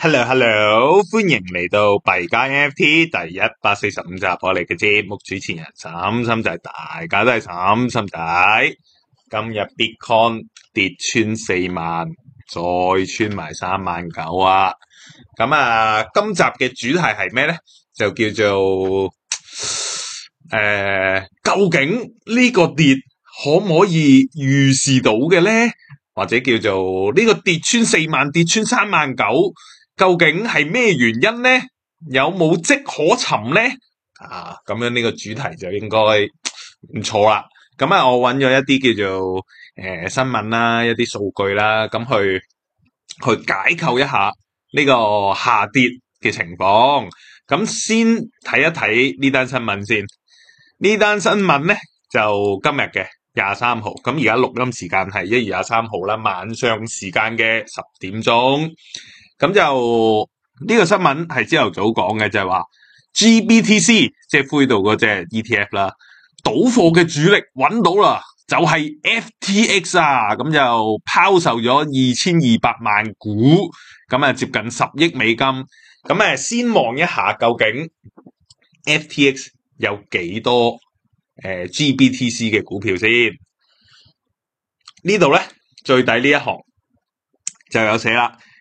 hello hello，歡迎嚟到幣加 NFT 第一百四十五集，我哋嘅節目主持人心心仔，大家都係心心仔。今日 Bitcoin 跌穿四萬，再穿埋三萬九啊！咁啊，今集嘅主題係咩咧？就叫做誒、呃，究竟呢個跌可唔可以預示到嘅咧？或者叫做呢、這個跌穿四萬，跌穿三萬九？究竟係咩原因咧？有冇迹可尋咧？啊，咁樣呢個主題就應該唔錯啦。咁、嗯、啊，我揾咗一啲叫做誒、呃、新聞啦，一啲數據啦，咁、嗯、去去解構一下呢個下跌嘅情況。咁、嗯、先睇一睇呢單新聞先。呢單新聞咧就今日嘅廿三號。咁而家錄音時間係一月廿三號啦，晚上時間嘅十點鐘。咁就呢、這個新聞係朝頭早講嘅，就係、是、話 G B T C 即係灰度嗰隻 E T F 啦，倒貨嘅主力揾到啦，就係、是、F T X 啊！咁就拋售咗二千二百萬股，咁啊接近十億美金。咁啊先望一下究竟 F T X 有幾多誒、呃、G B T C 嘅股票先？呢度咧最底呢一行就有寫啦。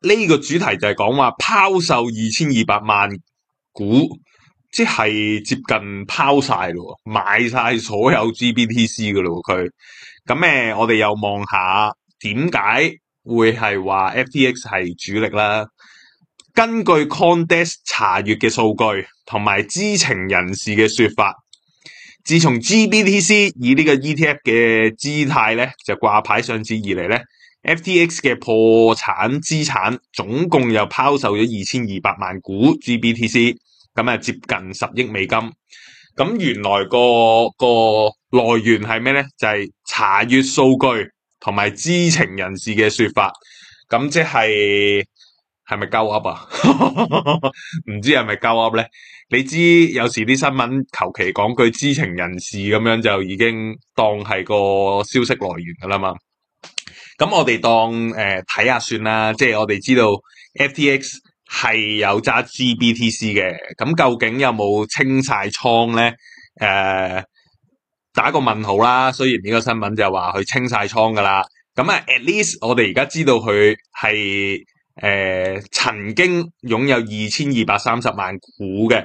呢個主題就係講話拋售二千二百萬股，即係接近拋晒咯，買晒所有 GBTC 嘅咯佢。咁誒，我哋又望下點解會係話 FTX 係主力啦。根據 Condes 查閱嘅數據同埋知情人士嘅說法，自從 GBTC 以呢個 ETF 嘅姿態咧就掛牌上市以嚟咧，FTX 嘅破產資產總共又拋售咗二千二百萬股 GBTC，咁啊接近十億美金。咁原來個個來源係咩咧？就係、係、查閱數據同埋知情人士嘅說法。咁即係係咪鳩噏啊？唔 知係咪鳩噏咧？你知有時啲新聞求其講句知情人士咁樣就已經當係個消息來源㗎啦嘛～咁我哋當誒睇下算啦，即係我哋知道 FTX 係有揸 GBTC 嘅，咁究竟有冇清晒倉咧？誒、呃，打個問號啦。雖然呢個新聞就話佢清晒倉噶啦咁啊 at least 我哋而家知道佢係誒曾經擁有二千二百三十萬股嘅。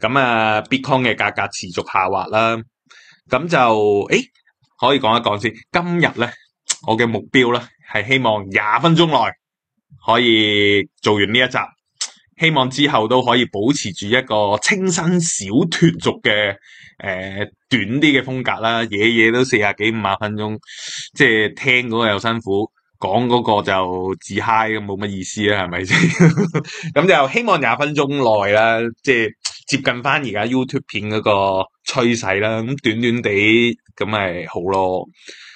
咁啊，Bitcoin 嘅價格持續下滑啦。咁就，誒，可以講一講先。今日咧，我嘅目標咧，係希望廿分鐘內可以做完呢一集。希望之後都可以保持住一個清新小脫俗嘅，誒、呃，短啲嘅風格啦。嘢嘢都四十幾五十分鐘，即係聽嗰個又辛苦。講嗰個就自嗨咁冇乜意思啦，係咪先？咁 就希望廿分鐘內啦，即係接近翻而家 YouTube 片嗰個趨勢啦。咁短短地咁咪好咯。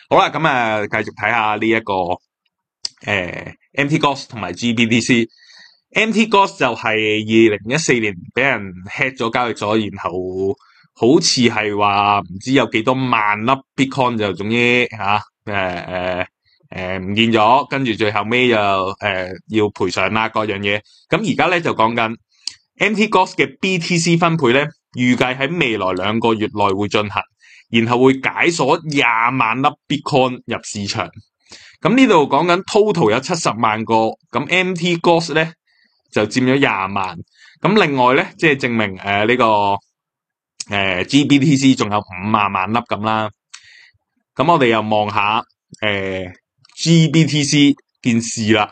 好啦，咁啊，繼續睇下呢、這、一個誒，MTGOX 同埋 GBDC。呃、MTGOX GB MT 就係二零一四年俾人 hit 咗交易咗，然後好似係話唔知有幾多萬粒 Bitcoin 就總之吓，誒、啊、誒。呃誒，唔見咗，跟住最後尾又誒要賠償啦，各樣嘢。咁而家咧就講緊 MTGOX 嘅 BTC 分配咧，預計喺未來兩個月內會進行，然後會解鎖廿萬粒 Bitcoin 入市場。咁呢度講緊 total 有七十萬個，咁 MTGOX 咧就佔咗廿萬。咁另外咧，即係證明誒呢個誒 GBTC 仲有五萬萬粒咁啦。咁我哋又望下誒。GBTC 件事啦，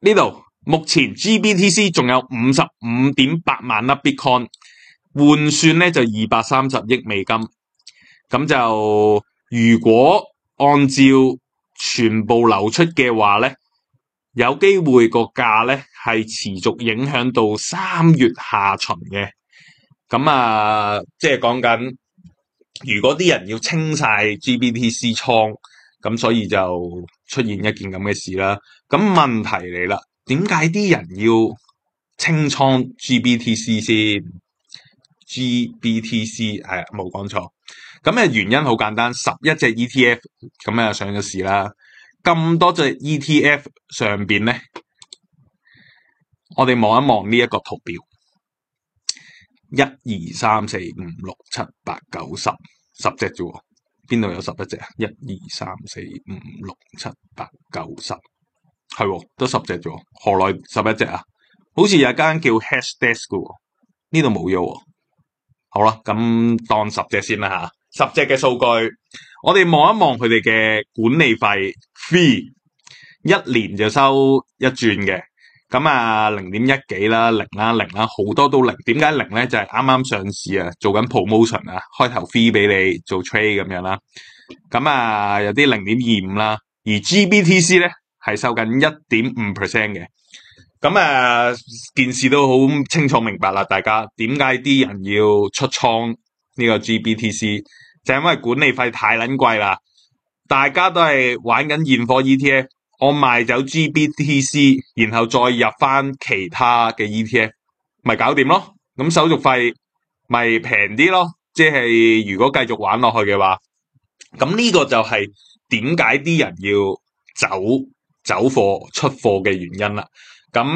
呢度目前 GBTC 仲有五十五點八萬粒 Bitcoin，換算咧就二百三十億美金，咁就如果按照全部流出嘅話咧，有機會個價咧係持續影響到三月下旬嘅，咁啊即係講緊，如果啲人要清晒 GBTC 倉。咁所以就出現一件咁嘅事啦。咁問題嚟啦，點解啲人要清倉 GBTC 先？GBTC 係啊，冇講錯。咁嘅原因好簡單，十一隻 ETF 咁啊上咗市啦。咁多隻 ETF 上邊咧，我哋望一望呢一個圖表，一、啊、二、三、四、五、六、七、八、九、十，十隻啫。邊度有十一隻啊？一、二、三、四、五、六、七、八、九、十，係都十隻咗，何來十一隻啊？好似有間叫 HashDesk 嘅喎，呢度冇咗喎。好啦，咁當十隻先啦吓，十隻嘅數據，我哋望一望佢哋嘅管理費 fee，一年就收一轉嘅。咁啊，零點一幾啦，零啦，零啦，好多都零。點解零咧？就係啱啱上市啊，做緊 promotion 啊，開頭 free 俾你做 trade 咁樣啦，啊。咁啊，有啲零點二五啦。而 GBTC 咧，係收緊一點五 percent 嘅。咁啊，件事都好清楚明白啦。大家點解啲人要出倉呢個 GBTC？就係因為管理費太撚貴啦。大家都係玩緊現貨 ETF 我賣走 G B T C，然後再入翻其他嘅 E T F，咪搞掂咯。咁手續費咪平啲咯。即係如果繼續玩落去嘅話，咁呢個就係點解啲人要走走貨出貨嘅原因啦。咁誒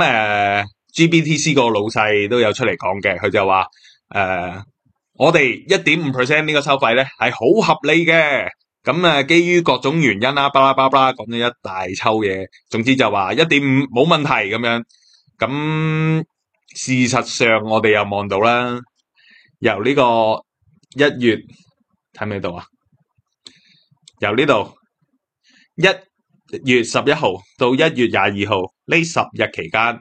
，uh，G B T C 個老細都有出嚟講嘅，佢就話誒，uh，我哋一點五 percent 呢個收費咧係好合理嘅。咁啊、嗯，基於各種原因啦，啦，啦，啦，啦，巴拉巴拉講咗一大抽嘢。總之就話一點五冇問題咁樣。咁事實上我哋又望到啦，由呢個一月睇唔睇到啊？由呢度一月十一號到一月廿二號呢十日期間，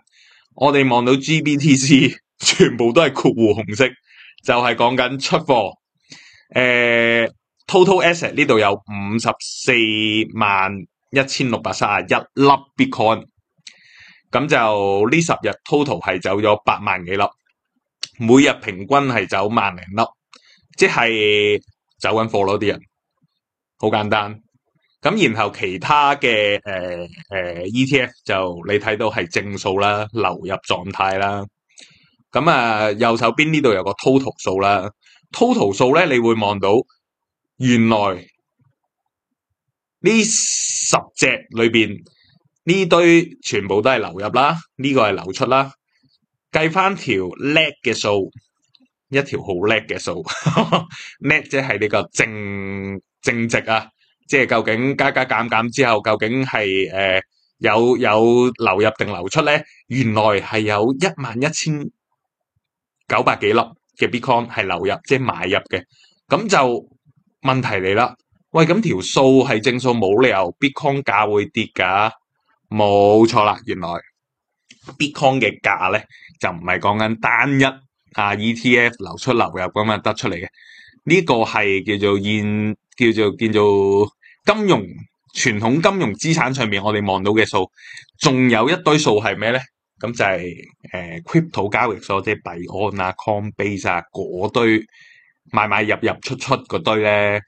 我哋望到 GBTC 全部都係括弧紅色，就係講緊出貨。誒、呃。Total asset 呢度有五十四萬一千六百三十一粒 Bitcoin，咁就呢十日 total 係走咗八萬幾粒，每日平均係走萬零粒，即係走緊貨咯啲人，好簡單。咁然後其他嘅誒誒 ETF 就你睇到係正數啦，流入狀態啦。咁啊右手邊呢度有個數 total 數啦，total 數咧你會望到。原來呢十隻裏邊呢堆全部都係流入啦，呢個係流出啦。計翻條叻嘅數，一條好叻嘅數，叻即係呢個正正值啊！即係究竟加加減減之後，究竟係誒有有流入定流出咧？原來係有一萬一千九百幾粒嘅 bitcoin 係流入，即係買入嘅，咁就。問題嚟啦！喂，咁條數係正數，冇理由 Bitcoin 價會跌㗎，冇錯啦。原來 Bitcoin 嘅價咧就唔係講緊單一啊 ETF 流出流入咁樣得出嚟嘅，呢、這個係叫做現叫做叫做金融傳統金融資產上面我哋望到嘅數，仲有一堆數係咩咧？咁就係、是、誒、呃、crypto 交易所，r e n c y 即係幣安啊、Coinbase 啊嗰堆。買買入入出出嗰堆咧，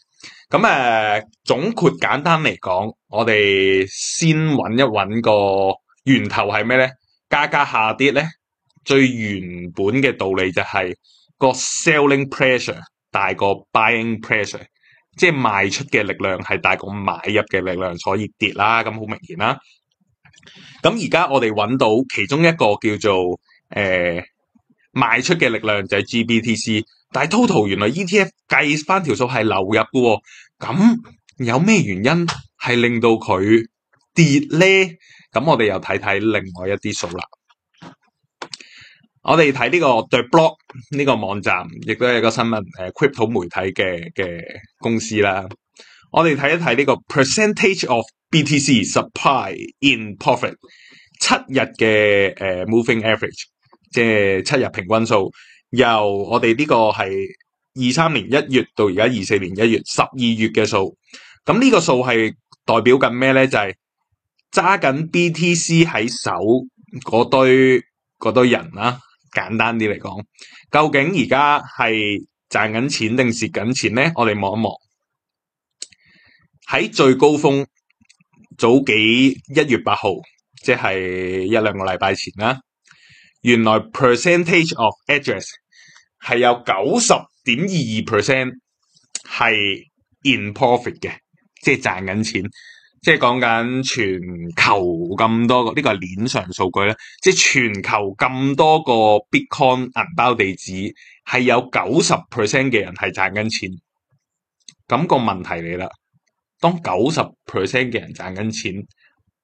咁誒、呃，總括簡單嚟講，我哋先搵一搵個源頭係咩咧？加價下跌咧，最原本嘅道理就係個 selling pressure 大過 buying pressure，即係賣出嘅力量係大過買入嘅力量，所以跌啦，咁好明顯啦。咁而家我哋搵到其中一個叫做誒、呃、賣出嘅力量就係 GBTC。但 total 原來 ETF 計翻條數係流入嘅喎，咁有咩原因係令到佢跌咧？咁我哋又睇睇另外一啲數啦。我哋睇呢個 The Block 呢個網站，亦都係一個新聞誒 Crypto 媒體嘅嘅公司啦。我哋睇一睇呢、這個 percentage of BTC supply in profit 七日嘅誒、呃、moving average，即係七日平均數。由我哋呢個係二三年一月到而家二四年一月十二月嘅數，咁呢個數係代表緊咩咧？就係、是、揸緊 BTC 喺手嗰堆堆人啦、啊。簡單啲嚟講，究竟而家係賺緊錢定蝕緊錢咧？我哋望一望喺最高峰早幾月、就是、一月八號，即係一兩個禮拜前啦。原來 percentage of address。係有九十點二二 percent 係 in profit 嘅，即係賺緊錢。即係講緊全球咁多個，呢個係鏈上數據咧。即係全球咁多個 bitcoin 銀包地址，係有九十 percent 嘅人係賺緊錢。咁個問題嚟啦，當九十 percent 嘅人賺緊錢，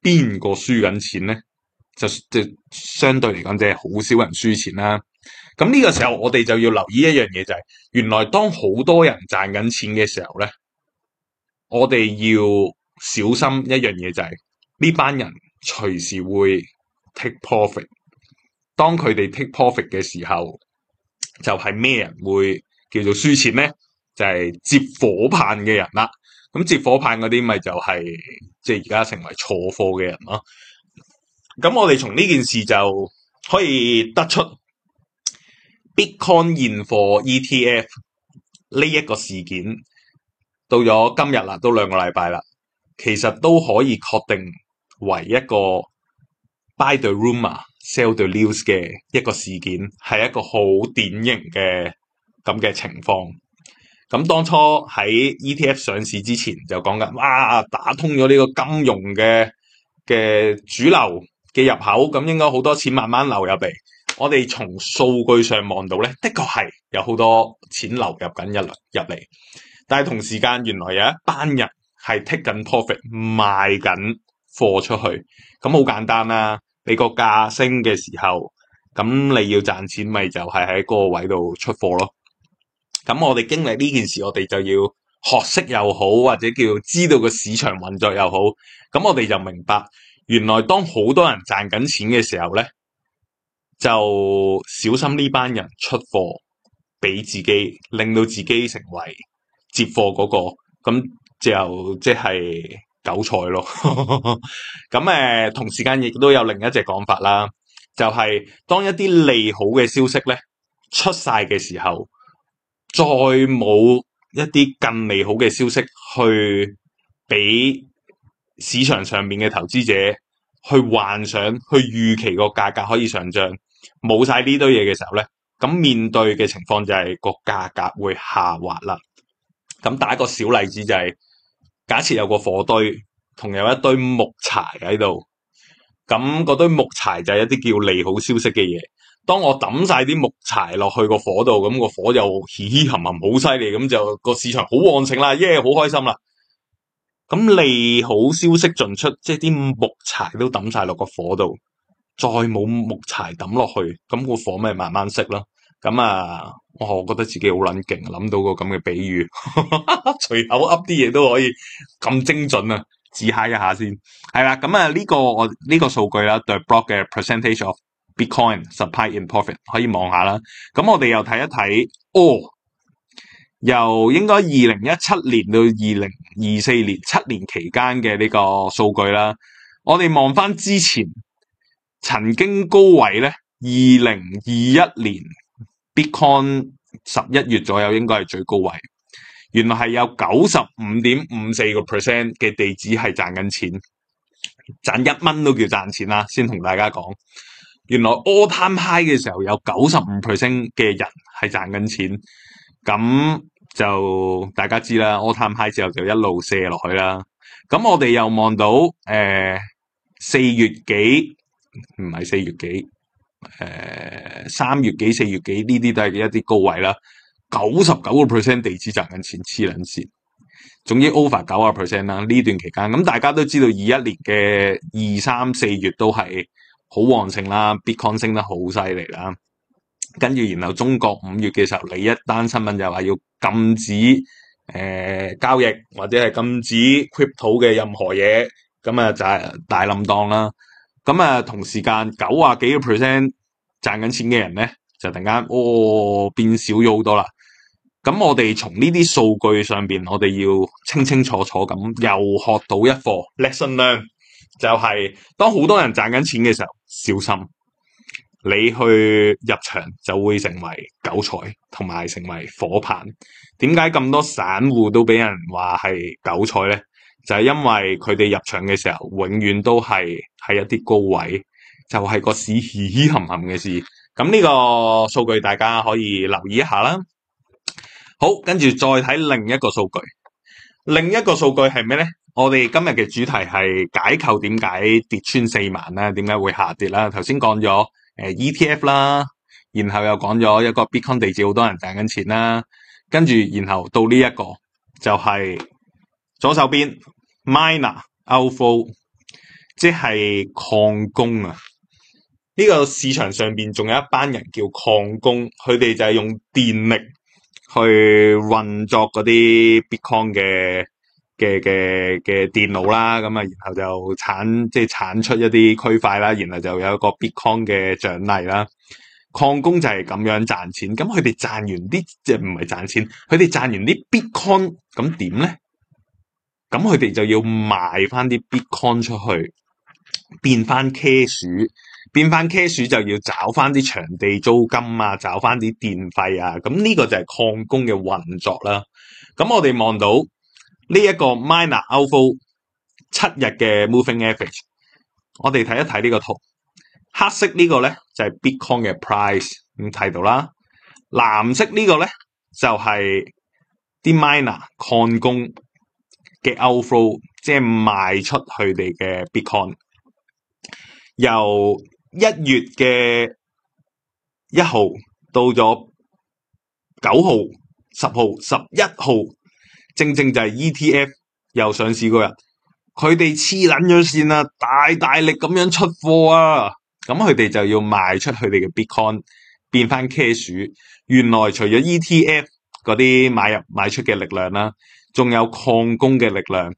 邊個輸緊錢咧？就即係相對嚟講，即係好少人輸錢啦。咁呢個時候我哋就要留意一樣嘢就係，原來當好多人賺緊錢嘅時候咧，我哋要小心一樣嘢就係，呢班人隨時會 take profit。當佢哋 take profit 嘅時候，就係咩人會叫做輸錢咧？就係接火棒嘅人啦。咁接火棒嗰啲咪就係即係而家成為坐貨嘅人咯。咁我哋從呢件事就可以得出。Bitcoin 現貨 ETF 呢一個事件到咗今日啦，都兩個禮拜啦，其實都可以確定為一個 buy the rumor，sell the news 嘅一個事件，係一個好典型嘅咁嘅情況。咁當初喺 ETF 上市之前就講緊，哇，打通咗呢個金融嘅嘅主流嘅入口，咁應該好多錢慢慢流入嚟。我哋從數據上望到咧，的確係有好多錢流入緊入嚟，但係同時間原來有一班人係 take 緊 profit 賣緊貨出去，咁好簡單啦。俾個價升嘅時候，咁你要賺錢咪就係喺嗰個位度出貨咯。咁我哋經歷呢件事，我哋就要學識又好，或者叫知道個市場運作又好，咁我哋就明白，原來當好多人賺緊錢嘅時候咧。就小心呢班人出貨俾自己，令到自己成為接貨嗰個，咁就即係韭菜咯。咁 誒同時間亦都有另一隻講法啦，就係、是、當一啲利好嘅消息咧出晒嘅時候，再冇一啲更利好嘅消息去俾市場上面嘅投資者去幻想去預期個價格可以上漲。冇晒呢堆嘢嘅時候咧，咁面對嘅情況就係個價格會下滑啦。咁打一個小例子就係、是、假設有個火堆，同有一堆木柴喺度。咁嗰堆木柴就係一啲叫利好消息嘅嘢。當我抌晒啲木柴落去個火度，咁個火又起起冚冚好犀利，咁就個市場好旺盛啦，耶，好開心啦。咁利好消息盡出，即係啲木柴都抌晒落個火度。再冇木柴抌落去，咁個火咪慢慢熄咯。咁啊，我覺得自己好捻勁，諗到個咁嘅比喻，隨 口噏啲嘢都可以咁精準啊！自嗨一下先，係啦。咁啊、這個，呢、這個我呢個數據啦，對 block 嘅 percentage of Bitcoin supply in profit 可以望下啦。咁我哋又睇一睇，哦，由應該二零一七年到二零二四年七年期間嘅呢個數據啦，我哋望翻之前。曾經高位咧，二零二一年 Bitcoin 十一月左右應該係最高位。原來係有九十五點五四個 percent 嘅地址係賺緊錢，賺一蚊都叫賺錢啦。先同大家講，原來 All Time High 嘅時候有九十五 percent 嘅人係賺緊錢，咁就大家知啦。All Time High 之後就一路射落去啦。咁我哋又望到誒四、呃、月幾。唔係四月幾，誒、呃，三月幾、四月幾呢啲都係一啲高位啦。九十九個 percent 地址賺緊錢，黐撚線，總之 over 九啊 percent 啦。呢段期間，咁、嗯、大家都知道，二一年嘅二、三、四月都係好旺盛啦，Bitcoin 升得好犀利啦。跟住然後中國五月嘅時候，你一單新聞就話要禁止誒、呃、交易，或者係禁止 crypto 嘅任何嘢，咁啊就係大冧檔啦。咁啊，同時間九啊幾個 percent 賺緊錢嘅人咧，就突然間哦變少咗好多啦。咁我哋從呢啲數據上邊，我哋要清清楚楚咁又學到一課 lesson 咧，Lesson learned，就係當好多人賺緊錢嘅時候，小心你去入場就會成為韭菜，同埋成為火棒。點解咁多散戶都俾人話係韭菜咧？就係因為佢哋入場嘅時候，永遠都係喺一啲高位，就係、是、個市起起冚冚嘅市。咁呢個數據大家可以留意一下啦。好，跟住再睇另一個數據，另一個數據係咩咧？我哋今日嘅主題係解構點解跌穿四萬咧？點解會下跌啦？頭先講咗誒 ETF 啦，然後又講咗一個 Bitcoin 地址，好多人賺緊錢啦。跟住然後到呢、這、一個就係、是。左手邊 miner、a f o 即係礦工啊！呢、這個市場上邊仲有一班人叫礦工，佢哋就係用電力去運作嗰啲 Bitcoin 嘅嘅嘅嘅電腦啦，咁啊，然後就產即係、就是、產出一啲區塊啦，然後就有一個 Bitcoin 嘅獎勵啦。礦工就係咁樣賺錢，咁佢哋賺完啲就唔係賺錢，佢哋賺完啲 Bitcoin 咁點咧？咁佢哋就要賣翻啲 Bitcoin 出去，變翻 cash，變翻 cash 就要找翻啲場地租金啊，找翻啲電費啊，咁呢個就係礦工嘅運作啦。咁我哋望到呢一個 miner overflow 七日嘅 moving average，我哋睇一睇呢個圖，黑色個呢個咧就係、是、Bitcoin 嘅 price，咁睇到啦。藍色個呢個咧就係、是、啲 miner 礦工。嘅 outflow，即係賣出佢哋嘅 bitcoin，由一月嘅一號到咗九號、十號、十一號，正正就係 ETF 又上市嗰日，佢哋黐撚咗線啦，大大力咁樣出貨啊，咁佢哋就要賣出佢哋嘅 bitcoin 變翻 cash。原來除咗 ETF 嗰啲買入買出嘅力量啦。仲有擴攻嘅力量，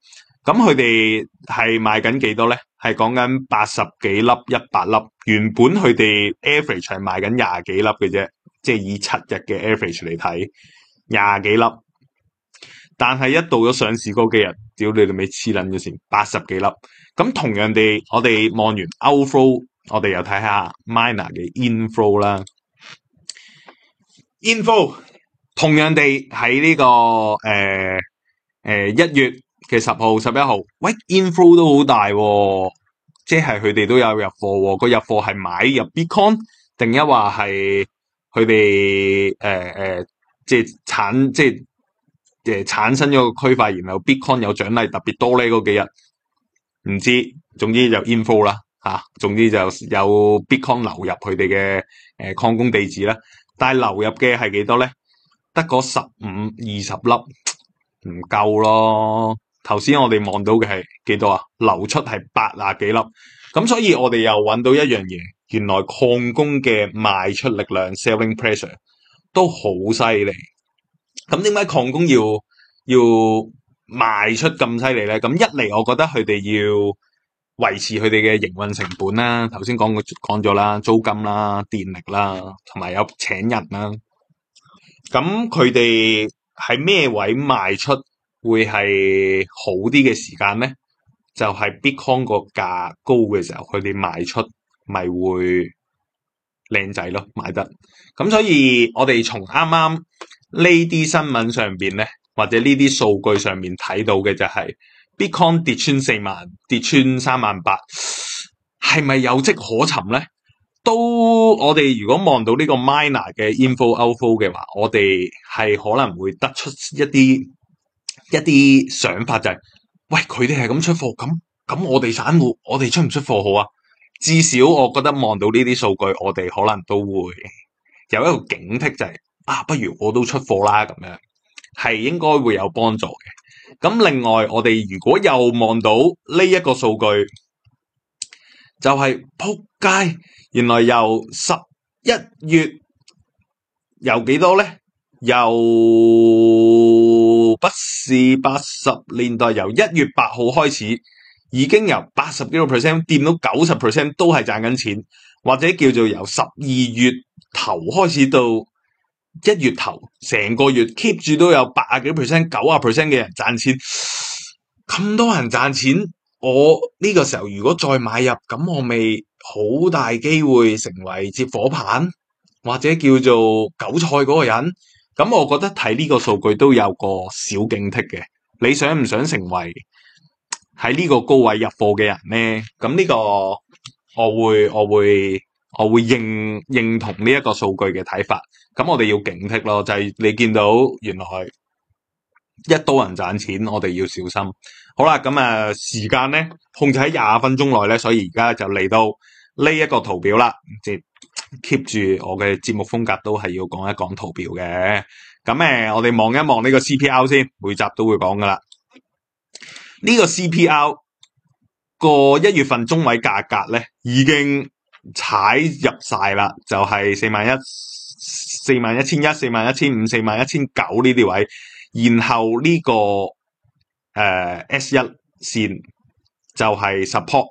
咁佢哋係賣緊幾多咧？係講緊八十幾粒、一百粒。原本佢哋 average 係賣緊廿幾粒嘅啫，即係以七日嘅 average 嚟睇廿幾粒。但係一到咗上市嗰幾日，屌你哋咪黐撚咗先八十幾粒。咁同樣地，我哋望完 o f l o w 我哋又睇下 miner 嘅 i n f o 啦。i n f o 同樣地喺呢、這個誒。呃誒，一、呃、月嘅十號、十一號，喂，info 都好大，哦，即係佢哋都有入貨，哦，個入貨係買入 Bitcoin，定一話係佢哋、呃、誒誒，即係產即係誒產生咗個區塊，然後 Bitcoin 有獎勵特別多呢。嗰幾日，唔知，總之就 info 啦，吓、啊，總之就有 Bitcoin 流入佢哋嘅誒礦工地址啦，但係流入嘅係幾多咧？得嗰十五二十粒。唔夠咯，頭先我哋望到嘅係幾多啊？流出係八啊幾粒，咁所以我哋又揾到一樣嘢，原來礦工嘅賣出力量 （selling pressure） 都好犀利。咁點解礦工要要賣出咁犀利咧？咁一嚟，我覺得佢哋要維持佢哋嘅營運成本啦。頭先講過講咗啦，租金啦、電力啦，同埋有，有請人啦。咁佢哋。喺咩位賣出會係好啲嘅時間咧？就係、是、Bitcoin 個價高嘅時候，佢哋賣出咪會靚仔咯，買得。咁所以我哋從啱啱呢啲新聞上邊咧，或者呢啲數據上面睇到嘅就係、是、Bitcoin 跌穿四萬，跌穿三萬八，係咪有跡可尋咧？都我哋如果望到呢個 miner 嘅 info outflow 嘅話，我哋係可能會得出一啲一啲想法，就係，就係喂，佢哋係咁出貨，咁咁我哋散戶我哋出唔出貨好啊？至少我覺得望到呢啲數據，我哋可能都會有一個警惕，就係，就係啊，不如我都出貨啦咁樣，係應該會有幫助嘅。咁另外我哋如果又望到呢一個數據，就係、係、撲街。原來由十一月由幾多咧？由，呢由不是八十年代由一月八號開始，已經由八十幾個 percent 掂到九十 percent 都係賺緊錢，或者叫做由十二月頭開始到一月頭，成個月 keep 住都有八十幾 percent，九啊 percent 嘅人賺錢。咁多人賺錢，我呢個時候如果再買入，咁我未？好大機會成為接火棒或者叫做韭菜嗰個人，咁我覺得睇呢個數據都有個小警惕嘅。你想唔想成為喺呢個高位入貨嘅人呢？咁呢個我會我會我會認認同呢一個數據嘅睇法。咁我哋要警惕咯，就係、是、你見到原來一多人賺錢，我哋要小心。好啦，咁啊、呃、時間呢，控制喺廿分鐘內呢，所以而家就嚟到。呢一個圖表啦，即係 keep 住我嘅節目風格都係要講一講圖表嘅。咁誒、呃，我哋望一望呢個 CPR 先，每集都會講噶啦。呢、呢個 CPR 個一月份中位價格咧，已經踩入晒啦，就係四萬一、四萬一千一、四萬一千五、四萬一千九呢啲位。然後呢、呢個誒、呃、S 一綫就係 supp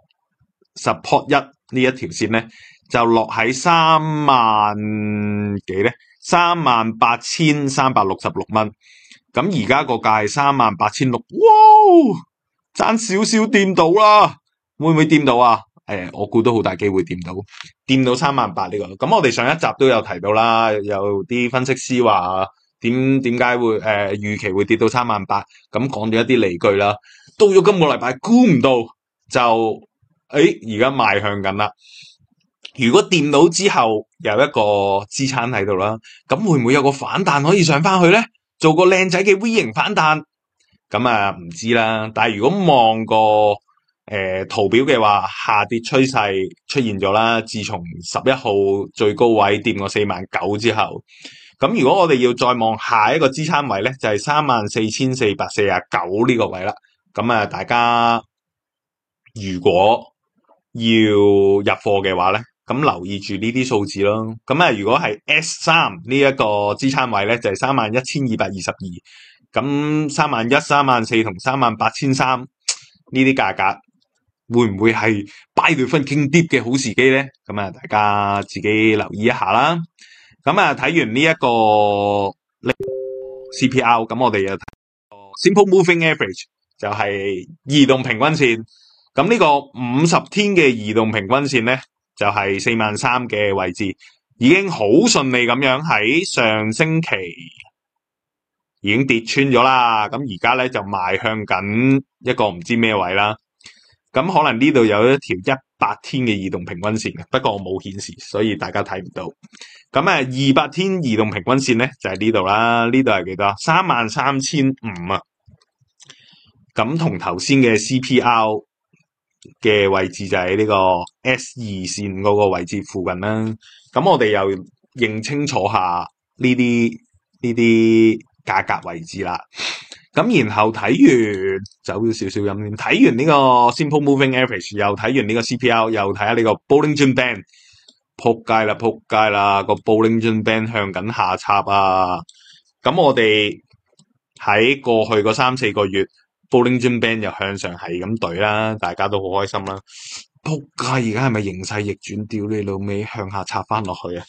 support，support 一。呢一條線咧，就落喺三萬幾咧，三萬八千三百六十六蚊。咁而家個價係三萬八千六，哇！爭少少掂到啦，會唔會掂到啊？誒、欸，我估都好大機會掂到，掂到三萬八呢個。咁、嗯、我哋上一集都有提到啦，有啲分析師話點點解會誒、呃、預期會跌到三萬八，咁講咗一啲理據啦。到咗今個禮拜估唔到就～誒，而家邁向緊啦。如果掂到之後有一個支撐喺度啦，咁會唔會有個反彈可以上返去呢？做個靚仔嘅 V 型反彈，咁啊唔知啦。但係如果望個誒圖表嘅話，下跌趨勢出現咗啦。自從十一號最高位掂過四萬九之後，咁、嗯、如果我哋要再望下一個支撐位呢，就係三萬四千四百四十九呢個位啦。咁、嗯、啊，大家如果，要入貨嘅話咧，咁留意住呢啲數字咯。咁啊，如果係 S 三呢一個支撐位咧，就係三萬一千二百二十二。咁三萬一、三萬四同三萬八千三呢啲價格，會唔會係 Buy The Fucking Dip 嘅好時機咧？咁啊，大家自己留意一下啦。咁啊、這個，睇完呢一個呢 C P R，咁我哋又睇 simple moving average 就係移動平均線。咁呢個五十天嘅移動平均線呢，就係四萬三嘅位置，已經好順利咁樣喺上星期已經跌穿咗啦。咁而家呢，就邁向緊一個唔知咩位啦。咁可能呢度有一條一百天嘅移動平均線，不過我冇顯示，所以大家睇唔到。咁誒，二百天移動平均線呢，就喺呢度啦。呢度係幾多？三萬三千五啊。咁同頭先嘅 CPR 嘅位置就喺呢個 S 二線嗰個位置附近啦。咁我哋又認清楚下呢啲呢啲價格位置啦。咁然後睇完走少少陰線，睇完呢個 Simple Moving Average，又睇完呢個 CPL，又睇下呢個 Bollinger Band，撲街啦撲街啦，個 Bollinger Band 向緊下插啊。咁我哋喺過去嗰三四個月。Bowling 布林均 band 又向上係咁對啦，大家都好開心啦。仆街，而家係咪形勢逆轉，屌你老味向下插翻落去啊？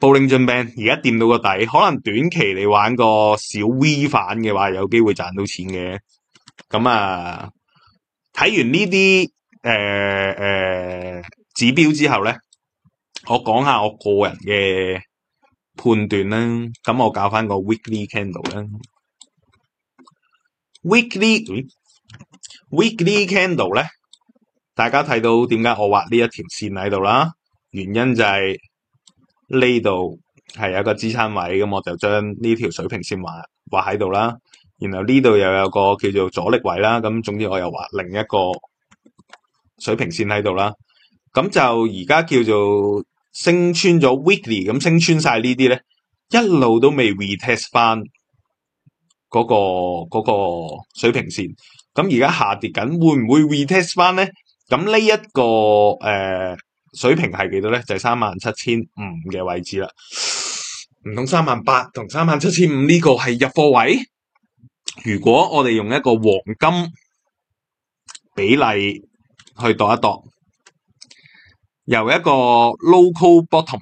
布林均 band 而家掂到個底，可能短期你玩個小 V 反嘅話，有機會賺到錢嘅。咁啊，睇完呢啲誒誒指標之後咧，我講下我個人嘅判斷啦。咁我搞翻個 weekly candle 啦。Weekly，Weekly、嗯、Weekly candle 咧，大家睇到點解我畫呢一條線喺度啦？原因就係呢度係有個支撐位，咁我就將呢條水平線畫畫喺度啦。然後呢度又有個叫做阻力位啦，咁總之我又畫另一個水平線喺度啦。咁就而家叫做升穿咗 Weekly，咁升穿晒呢啲咧，一路都未 retest 翻。嗰個嗰個水平線，咁而家下跌緊，會唔會 retest 翻咧？咁呢一個誒水平係幾多咧？就係三萬七千五嘅位置啦。唔通三萬八同三萬七千五呢個係入貨位？如果我哋用一個黃金比例去度一度，由一個 local bottom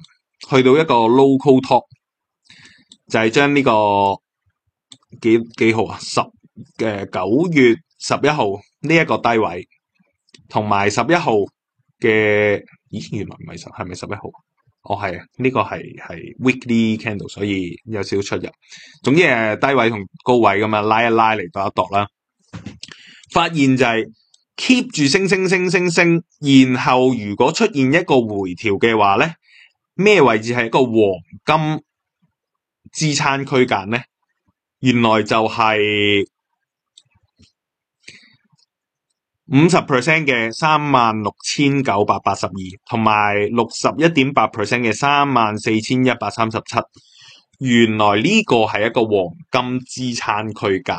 去到一個 local top，就係將呢個。幾幾號啊？十嘅、呃、九月十一號呢一個低位，同埋十一號嘅，咦、原來唔係十，係咪十一號？哦，係啊，呢、呢個係係 weekly candle，所以有少少出入。總之，低位同高位咁樣拉一拉嚟度一度啦。發現就係 keep 住升升升升升，然後如果出現一個回調嘅話咧，咩位置係一個黃金支撐區間咧？原來就係五十 percent 嘅三萬六千九百八十二，同埋六十一點八 percent 嘅三萬四千一百三十七。7，原來呢個係一個黃金支撐區間。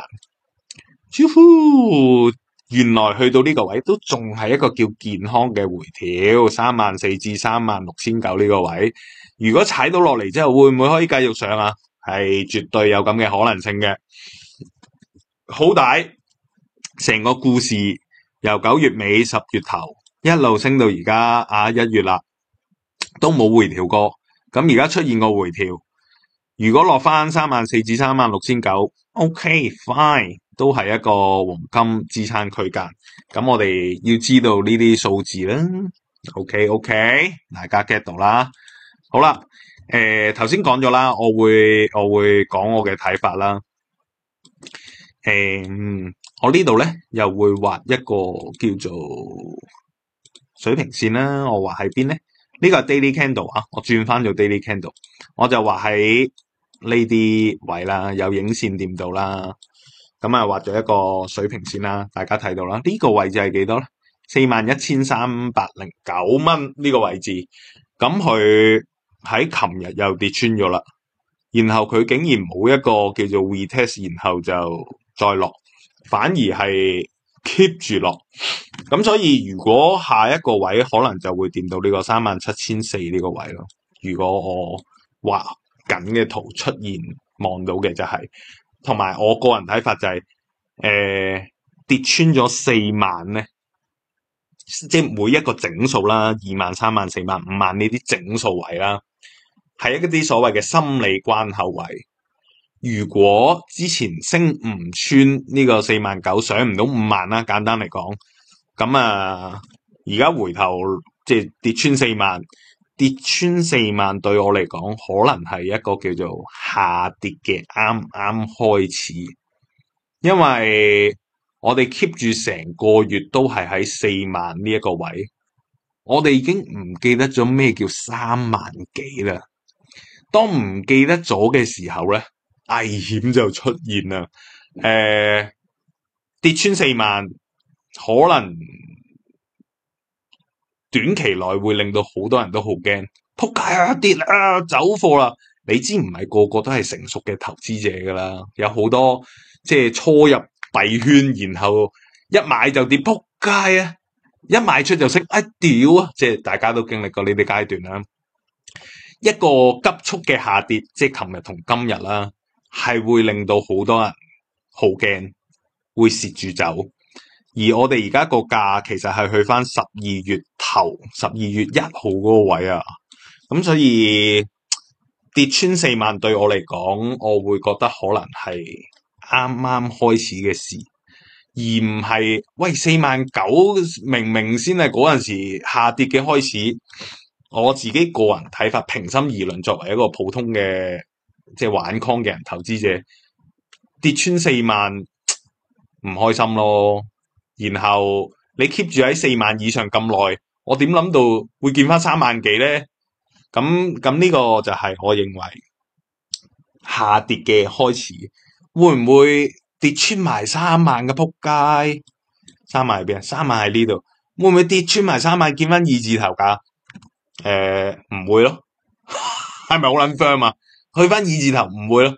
招呼，原來去到呢個位都仲係一個叫健康嘅回調，三萬四至三萬六千九呢個位。如果踩到落嚟之後，會唔會可以繼續上啊？係絕對有咁嘅可能性嘅，好大。成個故事由九月尾十月頭一路升到而家啊一月啦，都冇回調過。咁而家出現個回調，如果落翻三萬四至三萬六千九，OK fine，都係一個黃金支撐區間。咁我哋要知道呢啲數字啦。OK OK，大家 get 到啦。好啦。誒，頭先講咗啦，我會我會講我嘅睇法啦。誒、呃，我呢度咧又會畫一個叫做水平線啦。我畫喺邊咧？呢、呢個係 daily candle 啊，我轉翻做 daily candle，我就畫喺呢啲位啦，有影線掂到啦。咁啊，畫咗一個水平線啦，大家睇到啦。呢、呢個位置係幾多呢？四萬一千三百零九蚊呢個位置，咁佢。喺琴日又跌穿咗啦，然後佢竟然冇一個叫做 retest，然後就再落，反而係 keep 住落。咁所以如果下一個位可能就會掂到呢個三萬七千四呢個位咯。如果我畫緊嘅圖出現望到嘅就係、是，同埋我個人睇法就係、是，誒、呃、跌穿咗四萬咧，即係每一個整數啦，二萬、三萬、四萬、五萬呢啲整數位啦。係一啲所謂嘅心理關口位。如果之前升唔穿呢個四萬九，上唔到五萬啦，簡單嚟講，咁啊，而家回頭即係跌穿四萬，跌穿四萬對我嚟講，可能係一個叫做下跌嘅啱啱開始。因為我哋 keep 住成個月都係喺四萬呢一個位，我哋已經唔記得咗咩叫三萬幾啦。當唔記得咗嘅時候咧，危險就出現啦。誒、呃，跌穿四萬，可能短期內會令到好多人都好驚。撲街 啊跌啊走貨啦！你知唔係個個都係成熟嘅投資者噶啦，有好多即係初入幣圈，然後一買就跌撲街啊，一賣出就升。哎屌啊！即係大家都經歷過呢啲階段啦。一個急速嘅下跌，即係琴日同今日啦，係會令到好多人好驚，會蝕住走。而我哋而家個價其實係去翻十二月頭，十二月一號嗰個位啊。咁所以跌穿四萬，對我嚟講，我會覺得可能係啱啱開始嘅事，而唔係喂，四萬九，49，明明先係嗰陣時下跌嘅開始。我自己個人睇法，平心而論，作為一個普通嘅即係玩 Coin 嘅人，投資者，跌穿四萬唔開心咯。然後你 keep 住喺四萬以上咁耐，我點諗到會見翻三萬幾咧？咁咁呢個就係我認為下跌嘅開始。會唔會跌穿埋三萬嘅仆街？三萬喺邊啊？三萬喺呢度，會唔會跌穿埋三萬見翻二字頭㗎？誒，唔、呃、會咯，係 咪好捻 firm 啊？去翻二字頭唔會咯。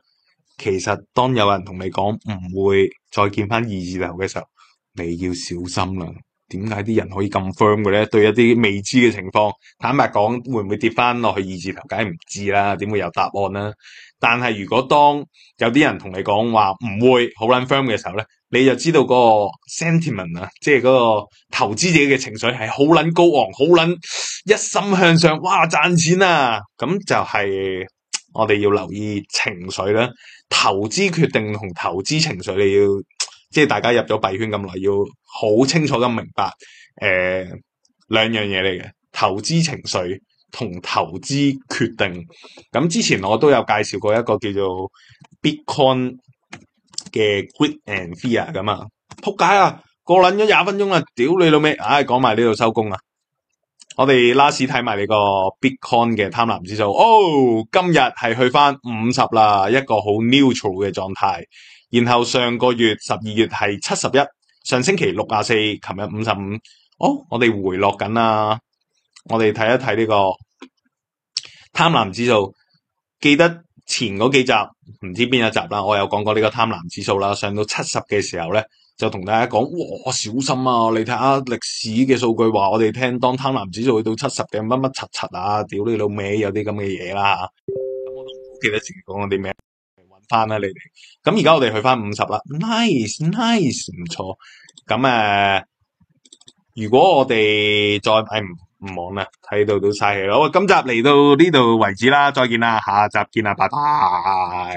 其實當有人同你講唔會再見翻二字頭嘅時候，你要小心啦。點解啲人可以咁 firm 嘅咧？對一啲未知嘅情況，坦白講會唔會跌翻落去二字頭，梗係唔知啦。點會有答案咧？但係，如果當有啲人同你講話唔會好撚 firm 嘅時候咧，你就知道嗰個 sentiment 啊，即係嗰個投資者嘅情緒係好撚高昂、好撚一心向上，哇賺錢啊！咁就係我哋要留意情緒啦。投資決定同投、呃、投資情緒，你要即係大家入咗幣圈咁耐，要好清楚咁明白誒兩樣嘢嚟嘅投資情緒同投資決定咁，之前我都有介紹過一個叫做 Bitcoin 嘅 Greed and Fear 咁啊！仆街啊，過撚咗廿分鐘啊，屌你老味，唉，講埋呢度收工啊！我哋 last 睇埋你個 Bitcoin 嘅貪婪指數，哦、oh，今日係去翻五十啦，一個好 neutral 嘅狀態。然後上個月十二月係七十一，上星期六廿四，琴日五十五，哦，我哋回落緊啊！我哋睇一睇呢個。貪婪指數記得前嗰幾集唔知邊一集啦，我有講過呢個貪婪指數啦，上到七十嘅時候咧，就同大家講，哇小心啊！你睇下歷史嘅數據話，我哋聽當貪婪指數去到七十嘅乜乜柒柒啊，屌你老味，有啲咁嘅嘢啦。咁我都唔好記得自己講過啲咩，揾翻啦你哋。咁而家我哋去翻五十啦，nice nice 唔錯。咁誒、呃，如果我哋再買唔？哎唔忙啦，睇到都嘥氣咯。好，今集嚟到呢度為止啦，再見啦，下集見啦，拜拜。